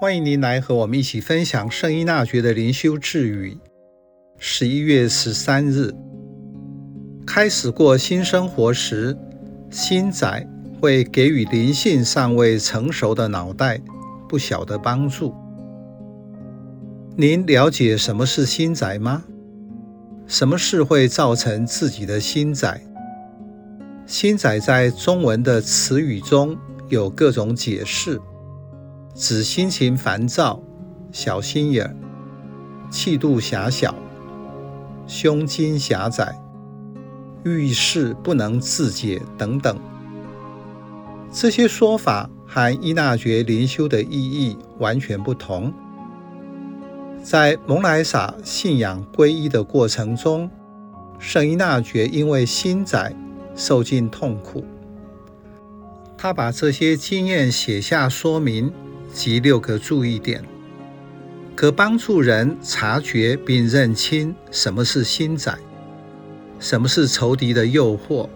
歡迎您來和我們一起分享聖依納爵的靈修智語。十一月十三日開始過新生活時，心窄會給予靈性尚未成熟的腦袋，不小的幫助。您了解什麼是心窄嗎？什麼事會造成自己的心窄？心窄在中文的詞語中有各種解釋。指心情煩躁、小心眼、氣度狹小、胸襟狹窄、遇事不能自解等等，這些說法和依納爵靈修的意義完全不同。在蒙萊撒信仰皈依的過程中，聖依納爵因為心窄受盡痛苦，他把這些經驗寫下說明。及六個注意點，可幫助人察覺並認清什麼是心窄，什麼是仇敵的誘惑。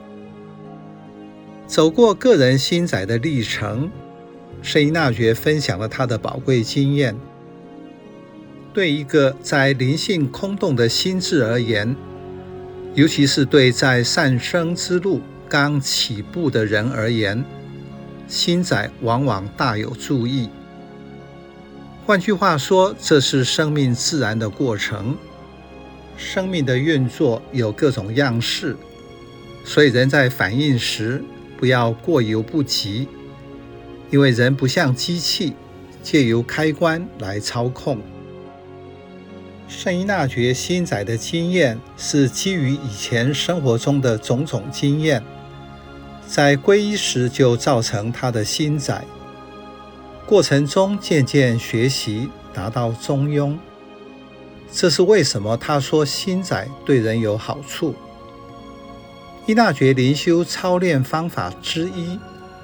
走過個人心窄的歷程，聖依納爵分享了他的寶貴經驗。對一個在靈性空洞的心智而言，尤其是對在善生之路剛起步的人而言，心窄往往大有助益。換句話說，這是生命自然的過程。生命的運作有各種樣式，所以人在反應時不要過猶不及，因為人不像機器，借由開關來操控。聖依納爵心窄的經驗是基於以前生活中的種種經驗，在皈依時就造成他的心窄。過程中漸漸學習達到中庸，這是為什麼他說心窄對人有好處。依納爵靈修操練方法之一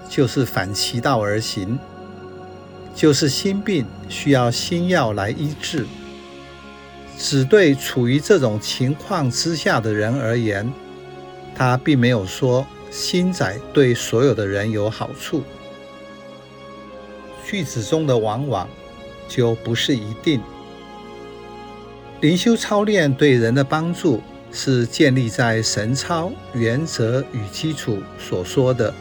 就是反其道而行，就是心病需要心藥來醫治。只對處於這種情況之下的人而言，他並沒有說心窄對所有的人有好處。句子中的往往就不是一定。靈修操練對人的幫助，是建立在神操原則與基礎所說的，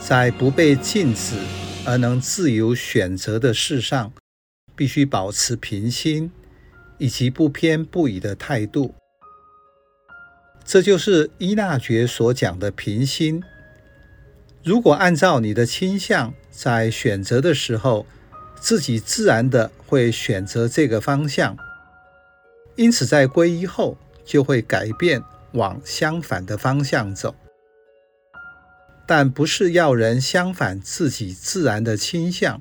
在不被禁止而能自由選擇的事上，必須保持平心，以及不偏不倚的態度。這就是依納爵所講的平心。如果按照你的傾向，在選擇的時候，自己自然的會選擇這個方向，因此在皈依後就會改變往相反的方向走。但不是要人相反自己自然的傾向，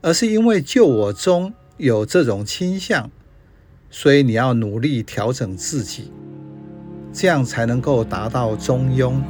而是因為舊我中有這種傾向，所以你要努力調整自己，這樣才能夠達到中庸。